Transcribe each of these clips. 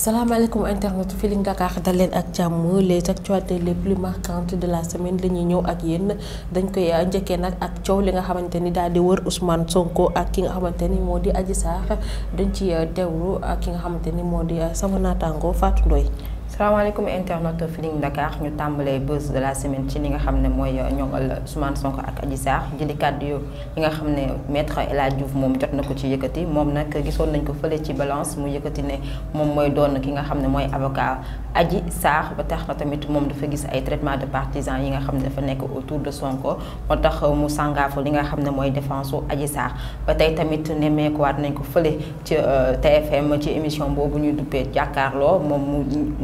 salaamaaleykum internet Feeling Dakar dal leen ak jàmm les actualités les plus marquantes de la semaine la ñëw ak yéen dañ koy uh, njëkkee nag ak coow li nga xamante ni daal di wër Ousmane Sonko ak ki nga xamante ni moo di Adji Sarr dañ ci uh, teewlu ak ki nga xamante ni moo di uh, sama naataango Fatou Ndoye salaamaaleykum internet Feeling Dakar ñu tàmbalee buzz de la semaine ci li nga xam ne mooy ñoŋal Ousmane Sonko ak Adji Sarr jëli kàddu yu li nga xam ne maître El Hadj moom jot na ko ci yëkkati moom nag gisoon nañ ko fële ci balance mu yëkkati ne moom mooy doon ki nga xam ne mooy avocat Adji Sarr ba tax na tamit moom dafa gis ay traitement de partisan yi nga xam ne dafa nekk autour de Sonko moo tax mu sàngaafu li nga xam ne mooy défense su Adji Sarr ba tey tamit nemmeekuwaat nañ ko fële ci euh, TFM ci émission boobu ñuy duppee jàkkaarloo moom mu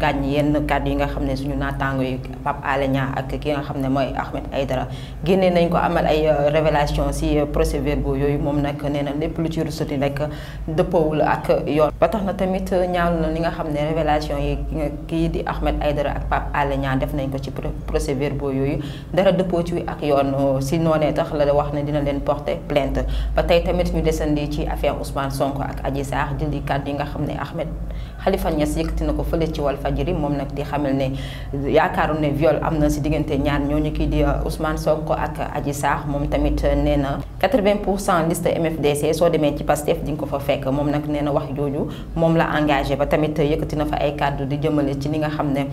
ngaañ ngaañ yenn kàddu yi nga xam ne suñu naataango yi Pape Alé Niang ak ki nga xam ne mooy Ahmed Aïdara génnee nañ ko amal ay euh, révélation si euh, procès verbaux yooyu moom nag nee na lépp lu ci rusati rek dëppoowul ak yoon ba tax na tamit ñaawlu na li nga xam ne révélation yi kii di Ahmed Aïdara ak Pape Alé Niang def nañ ko ci procès verbaux yooyu dara dëppoo ci ak yoon si noonee tax la wax ne dina leen porter plainte ba tey tamit ñu desandi ci affaire Ousmane Sonko ak Adji Sarr di kàddu yi nga xam ne Ahmed Khalifa Niass yëkkati na ko fële ci Walfadjri Walfadjri moom nag di xamal ne yaakaaru ne viol am na si diggante ñaar ñooñu kii di uh, Ousmane Sonko ak Adji Sarr moom tamit uh, nee na 80 pour cent liste MFDC soo demee ci Pastef di nga ko fa fekk moom nag nee na wax jooju moom la engagé ba tamit yëkkati na fa ay kàddu di jëmale ci li nga xam ne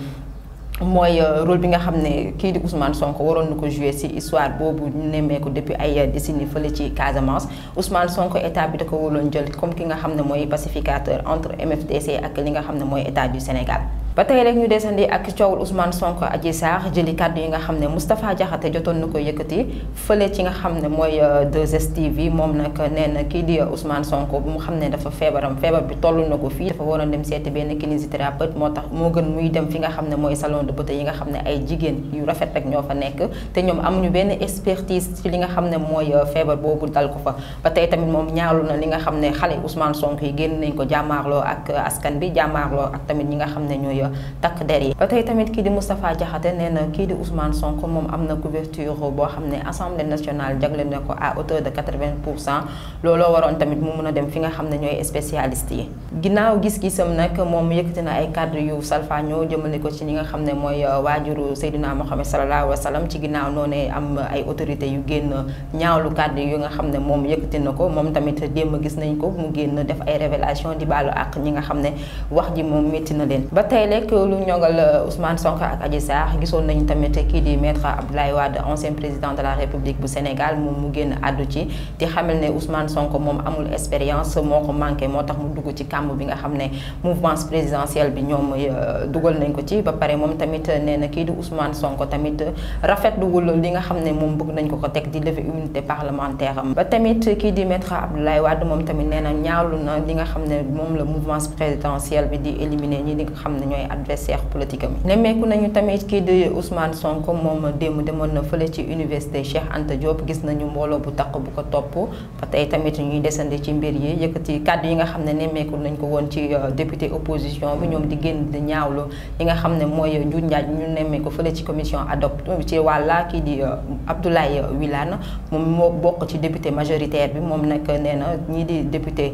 mooy uh, role bi nga xam ne kii di Ousmane Sonko waroon na ko joué ci histoire boobu ñu nemmeeku depuis ay décennies fële ci Casamance Ousmane Sonko état bi da ko waroon jël comme ki nga xam ne mooy pacificateur entre MFDC ak li nga xam ne mooy état du Sénégal. ba tey rek ñu desandi ak coowul Ousmane Sonko Adji Sarr jëli kàddu yi nga xam ne Moustapha jotoon na ko yëkkati fële ci nga xam ne mooy euh, 2STV moom nag nee na kii di euh, Ousmane Sonko bu mu xam ne dafa feebaram feebar bi toll na ko fii dafa waroon dem seeti benn kinésithérapeute moo tax moo gën muy dem fi xam ne mooy salon de yi nga xam ne ay jigéen yu rafet rek ñoo fa nekk te ñoom amuñu benn expertise ci li nga xam ne mooy euh, feebar boobu dal ko fa ba tey tamit moom ñaarlu na li nga xam ne xale Ousmane sonk yi génn nañ ko jàmmaarloo ak askan bi jàmmaarloo ak tamit ñi nga xam ne ñooy takk der yi ba tey tamit kii di Moustapha Diakhaté nee na kii di Ousmane Sonko moom am na couverture boo xam ne assemblée nationale jagle na ko à hauteur de 80 pour cent looloo waroon tamit mu mun a dem fi nga xam ne ñooy spécialiste yi ginnaaw gis-gisam nag moom yëkkati na ay cadre yu salfaañoo jëmale ko ci ñi nga xam ne mooy euh, waajuru Seydina Mohamed sallallahu alayhi wa sallam ci ginnaaw noonu am ay autorité yu génn ñaawlu cadre yu nga xam ne moom yëkkati na ko moom tamit démb gis nañ ko mu génn def ay révélation di baalu àq ñi nga xam ne wax ji moom métti na leen lekk lu ñogal euh, Ousmane Sonko ak Adji Sarr gisoon nañu tamit kii di maître Abdoulaye Wade ancien président de la République bu Sénégal moom mu génn àddu ci di xamal ne Ousmane Sonko moom amul expérience moo ko manqué moo tax mu dugg ci kàmb bi nga xam ne mouvance présidentielle bi ñoom euh, dugal nañ ko ci ba pare moom tamit nee na kii di Ousmane Sonko tamit rafetluwul li nga xam ne moom bëgg nañ ko ko teg di lever immunité parlementaire am ba tamit kii di maître Abdoulaye Wade moom tamit nee na ñaawlu na li nga xam ne moom la mouvance présidentielle bi di éliminer ñi li nga xam ne ñooy ñooy adversaire politique am nemmeeku nañu tamit kii di Ousmane Sonko moom démb demoon na fële ci université Cheikh Anta gis nañu mbooloo bu taq bu ko topp ba tey tamit ñuy desandi ci mbir yi yëkkati kàddu yi nga xam ne nemmeeku nañ ko woon ci euh, député opposition bi ñoom di génn di ñaawlu yi nga xam ne mooy njuuj njaaj ñu nemmeeku fële ci commission adopte ci wàlla kii di euh, Abdoulaye Wilane moom moo bokk ci député majoritaire bi moom nag nee na ñii di député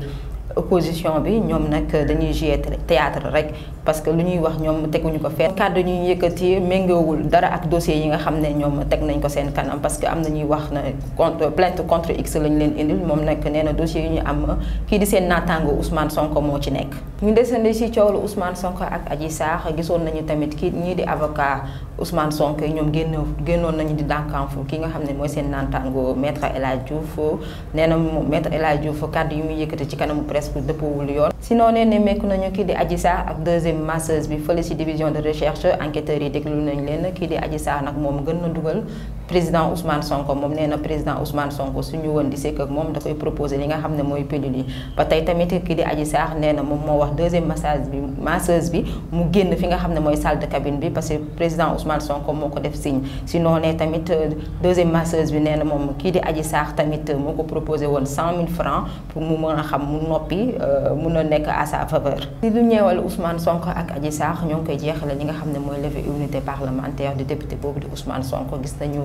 opposition bi ñoom nag dañuy jouer théâtre rek parce que lu ñuy wax ñoom teguñu ko fenn kàddu ñuy yëkkati méngoowul dara ak dossier yi nga xam ne ñoom teg nañ ko seen kanam parce que am na ñuy wax na contre plainte contre x lañ leen indil moom nag nee na dossier yi ñu am kii di seen naataango Ousmane Sonko moo ci nekk ñu desandi ci coowlu Ousmane Sonko ak Adji Sarr gisoon nañu tamit ki ñii di avocat Ousmane Sonko ñoom génn génnoon nañu di dànkaanfu ki nga xam ne mooy seen naataango maître El Hadj Diouf nee na maître El Hadj Diouf kàddu yu muy yëkkati ci kanamu presse bi dëppwul yoon. sinon nee ne mekk nañu kii di Adji Sarr ak deuxième masseuse bi fële ci division de recherche enquêteurs yi déglu nañ leen kii di Adji Sarr nag moom gën na dugal président Ousmane Sonko moom nee na président Ousmane Sonko suñu woon di sekk ak moom da koy proposé li nga xam ne mooy pilule yi ba tey tamit kii di Adji Sarr nee moom moo wax deuxième massage bi masseuse bi mu génn fi nga xam ne mooy salle de bi parce que président Ousmane Sonko moo ko def signe si noonee tamit euh, deuxième masseuse bi nee na moom kii di aji Sarr tamit euh, moo ko proposé woon cent mille francs pour mu mën a xam mu noppi euh, mun a nekk à sa faveur. si lu ñeewal Ousmane Sonko ak Adji saax ñoo ngi koy jeexale ñi nga xam ne mooy levée immunité parlementaire du député boobu di Ousmane Sonko gis nañu.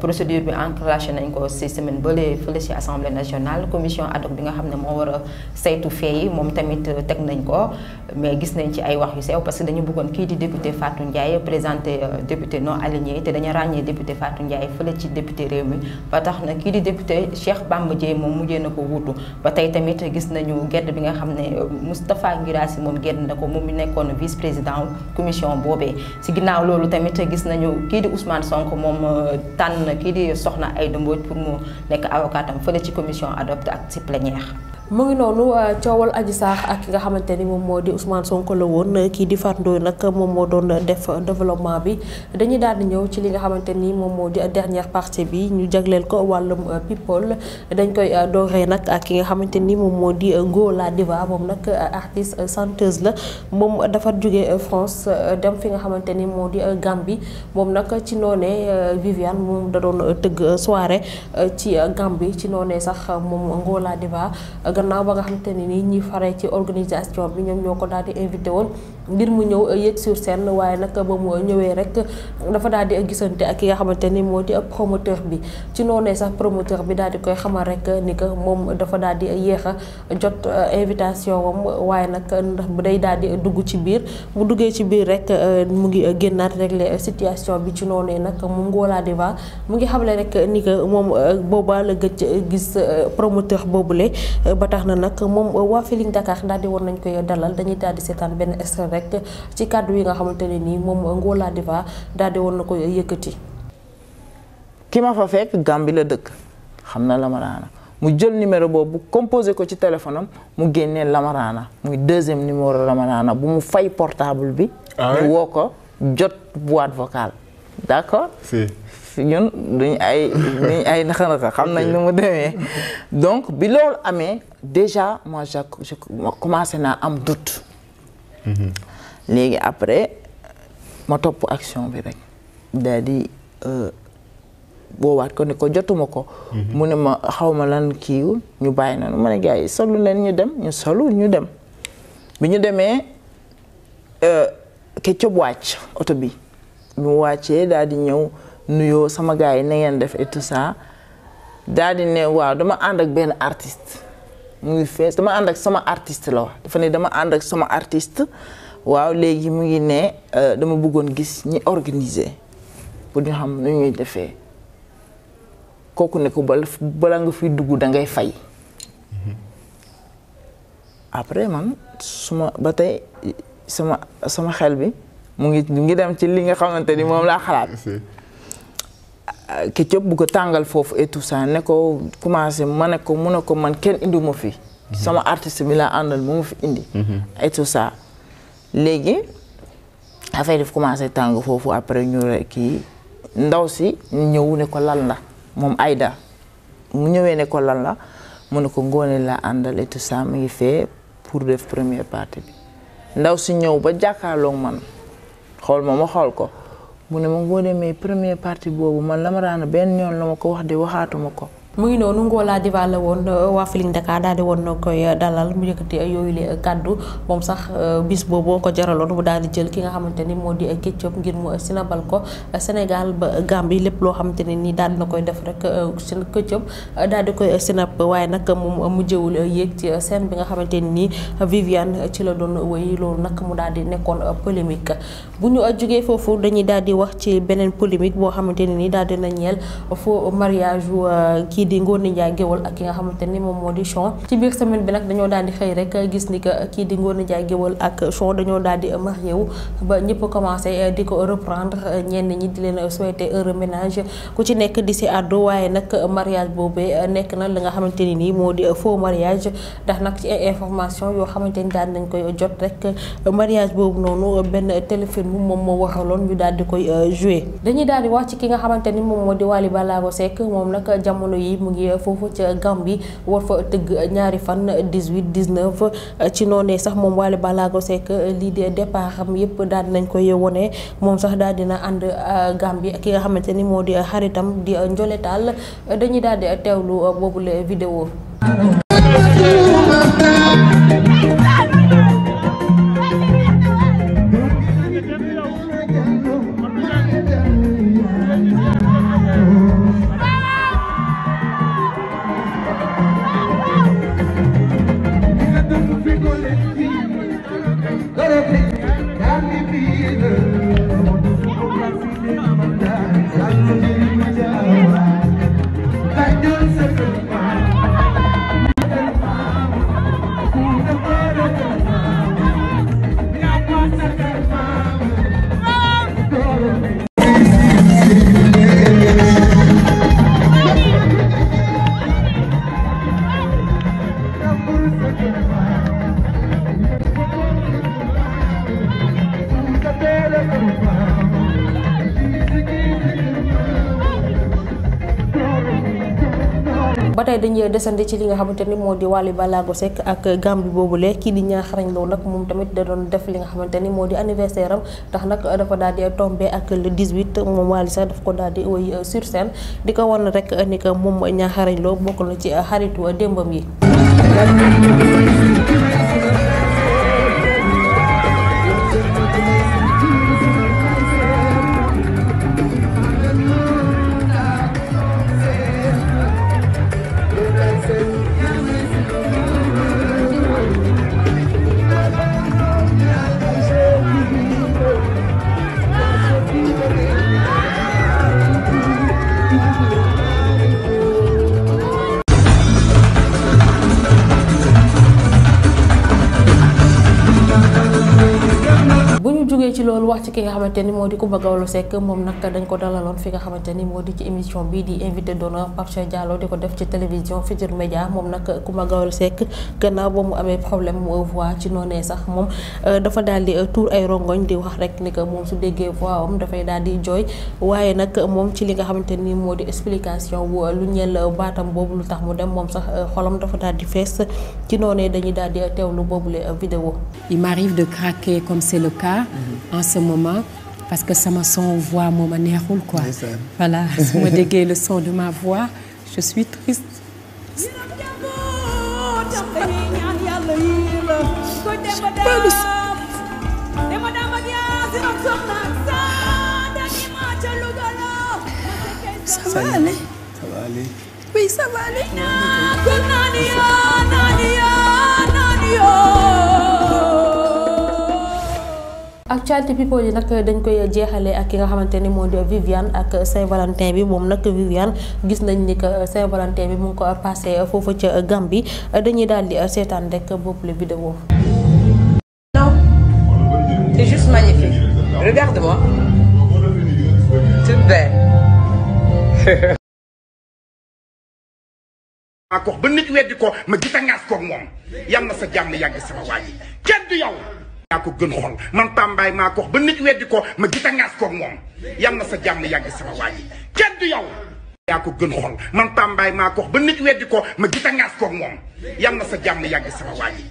procédure bi enclenché nañ ko si semaine bële fële si assemblée nationale commission ad hoc bi nga xam ne moo war a saytu fee moom tamit euh, teg nañ ko mais gis nañ ci ay wax yu sew parce que dañu bëggoon kii di député Fatou Ndiaye présenté euh, député non aligné te dañu ràññee député Fatou Ndiaye fële ci député réew mi ba tax na kii di député Cheikh Bamba Dièye moom mujjee na ko wuutu ba tey tamit gis nañu gedd bi nga xam ne euh, Moustapha Guirassy moom gedd na ko moom mi nekkoon vice président commission boobee si ginnaaw loolu tamit gis nañu kii di Ousmane Sonko moom tànn kii di soxna ay Mbodj pour mu nekk avocatam fële ci commission adopte ak ci plénière mu ngi noonu euh, coowal aji saax ak ki nga xamante ni moom moo di Ousmane Sonko la woon kii di Fatou nag moom moo doon def développement bi dañuy daal di ñëw ci li nga xamante ni moom moo di dernière partie bi ñu jagleel ko wàllum euh, people dañ koy euh, dooree nag ak ki nga xamante ni moom moo di ngoo Ngoola Diva moom nag artiste chanteuse la moom dafa jóge France dem fi nga xamante ni moo di bi moom nag ci noonee Viviane moom da doon tëgg soirée ci bi ci noonee sax moom Ngoola Diva. gannaaw ba nga xamante ne nii ñuy faree ci organisation bi ñoom ñoo ko daal di invité woon ngir mu ñëw euh, yéeg sur scène waaye nag ba mu ñëwee rek dafa daal di gisante ak ki nga xamante ni moo di promoteur bi ci noonee sax promoteur bi daal di koy xamal rek ni que moom dafa daal di yéex jot euh, invitation am waaye nag ndax bu day daal di dugg ci biir mu duggee ci biir rek euh, mu ngi génnaat régler situation bi ci noonee nag moom Ngoola Diva mu ngi xamle rek ni que moom boobaa la gëj gis promoteur boobule tax na nag moom waa Feeling Dakar daal di war nañ koy dalal dañuy daal di seetaan benn extrait rek ci kàddu yi nga xamante ne nii moom Ngoola Diva fa di woon na koy yëkkati. ki ma fa fekk Gàmbi la dëkk xam na Lamarana mu jël numéro boobu composé ko ci téléphone am mu génnee Lamarana muy deuxième numéro Lamarana bu mu fay portable bi. ah woo ko jot boîte vocale d'accord. ñun duñ ay duñ ay naxa naxa xam nañ nu mu demee donc bi loolu amee déjà moi je commencé naa am doute mm-hmm. léegi après ma topp action bi rek daal di boowaat euh, ko ne ko jotuma ko mm-hmm. mu ne ma xawma lan kiiwul ñu bàyyi noonu ma ne gars yi solu leen ñu dem ñu solu ñu dem bi ñu demee euh, Ketchup wàcc oto bi bi mu wàccee daal di ñëw nuyoo sama gars yi ne ngeen def et tout ça daal di ne waaw dama ànd ak benn artiste mu ngi fees dama ànd ak sama artiste la wax dafa ne dama ànd ak sama artiste waaw léegi mu ngi ne euh, dama bëggoon gis ñi organiser pour ñu xam nu defee kooku ne ko bal bala nga fiy dugg dangay ngay fay mm-hmm. après man suma ba tey sama sama xel bi mu ngi mu ngi dem ci li nga xamante ni moom laa xalaat Euh, ketchup bu ko tàngal foofu et tout ne ko commencé ma ne ko mu ne ko man kenn indi ma fi. sama artiste bi laa àndal moom ma fi indi. Mhm. et tout léegi affaire def commencé tàng foofu après ñu ne kii ndaw si ñëw ne ko lan la moom Aïda mu ñëwee ne ko lan la mu ne ko ngoone laa àndal et tout mu ngi fee pour def première partie bi ndaw si ñëw ba jàkkaarloog man xool ma ma xool ko. mu ne ma boo demee premier parti boobu man la ma daan benn yoon la ma ko wax de waxaatuma ko mu ngi noonu Ngoola Diva la woon euh, waa Feeling Dakar daal di woon na koy euh, dalal mu yëkkati euh, yooyu la kàddu moom sax bis boobu ko jaraloon mu daal di jël ki nga xamante ni moo di Ketchup ngir mu sinabal ko Sénégal ba Gambie lépp loo xamante ne nii daal na koy def rek seen Ketchup daal di koy sinab waaye nag moom mujjewul yéeg ci scène bi nga xamante ne nii Viviane ci la doon wéy loolu nag mu daal di nekkoon polémique bu ñu jógee foofu dañuy daal di wax ci beneen polémique boo xamante ne nii daal dina ñeel faux mariage kii kii di Ngoné Ndiaye Géwal ak ki nga xamante ni moom moo di Chon ci di xëy rek gis ni di Ngoné Ndiaye Géwal ak Chon eh, eh, ku ci nekk di si àddu waaye nag mariage boobee nekk na la nga xamante ni nii moo di faux mariage ndax nag ci information yoo xamante ni daal nañ koy jot rek mariage boobu noonu benn téléfilm moom moo waxaloon ñu daal di koy eh, joué dañuy daal wax ci ki nga xamante moom moo di Wally Ballago Seck moom nag jamono yi bi mu ngi foofu ca Gambie war fa tëgg ñaari fan 18 19 ci noonee sax moom Wally Ballago Seck lii de départ am yëpp daal dinañ koy wone moom sax daal dina ànd uh, Gambie ki nga xamante ni moo di xaritam di njoletaal dañuy daal di teewlu boobule vidéo dañuy desandi ci li nga xamante ni moo di Wally Ballago Seck ak Gambie boobule kii di Niang Kharagne Lo nag moom tamit da doon def li nga xamante ni moo di anniversaire am tax nag dafa daal di tombé ak le ko daal di woy sur di ko wan rek ni que moom Niang Kharagne Lo bokk na ci xaritu démbam yi. ci ki nga xamante ni moo di Coumba Gawlo Seck moom nag dañ ko dalaloon fi nga xamante ni moo di ci émission bi di invité d'honneur Pape Cheikh Diallo di ko def ci télévision Futurs Médias moom nag Coumba Gawlo Seck gannaaw ba mu amee problème mu voix ci noonee sax moom euh, dafa daal di euh, tuur ay rongoñ di wax rek ni que moom su déggee voix am dafay daal di jooy waaye nag moom ci li nga xamante ni moo di explication wu lu ñeel baatam boobu lu tax mu dem moom sax euh, xolam dafa daal di fees ci noonee dañuy daal di teewlu boobule vidéo. Il m'arrive de craquer comme c'est le cas mm-hmm. en parce que sama son voix moo ma neexul quoi. voilà su ma le son de ma voix je suis triste. ça va aller ça va aller. oui ça va aller. Oh. actualité people yi nag dañ koy jeexale ak ki nga xamante ni moo di Viviane ak Saint-Valentin bi moom nag Viviane gis nañ ni que saint bi mu ngi ko passé foofu ca Gambie dañuy daal di seetaan rek boobu la vidéo. yaa ko gën xol man pambaay maa ko wax ba nit weddi ko ma gita ngaas koog moom yal na sa jàmm yàgg sama waa ji kenn du yow yaa ko gën xol man pambaay maa ko wax ba nit weddi ko ma gita ngaas koog moom yal na sa jàmm yàgg sama waa ji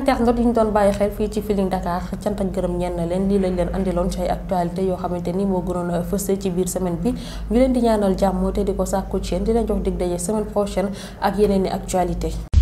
internautes yi ñu doon bàyyi xel fii ci Feeling Dakar cant ak gërëm ñenn leen lii lañ leen andiloon ci ay actualité yoo xamante ni moo gënoon a fës ci biir semaine bi ñu leen di ñaanal jàmm te di ko sàkku ci yéen di leen jox dig daje semaine prochaine ak yeneen i actualité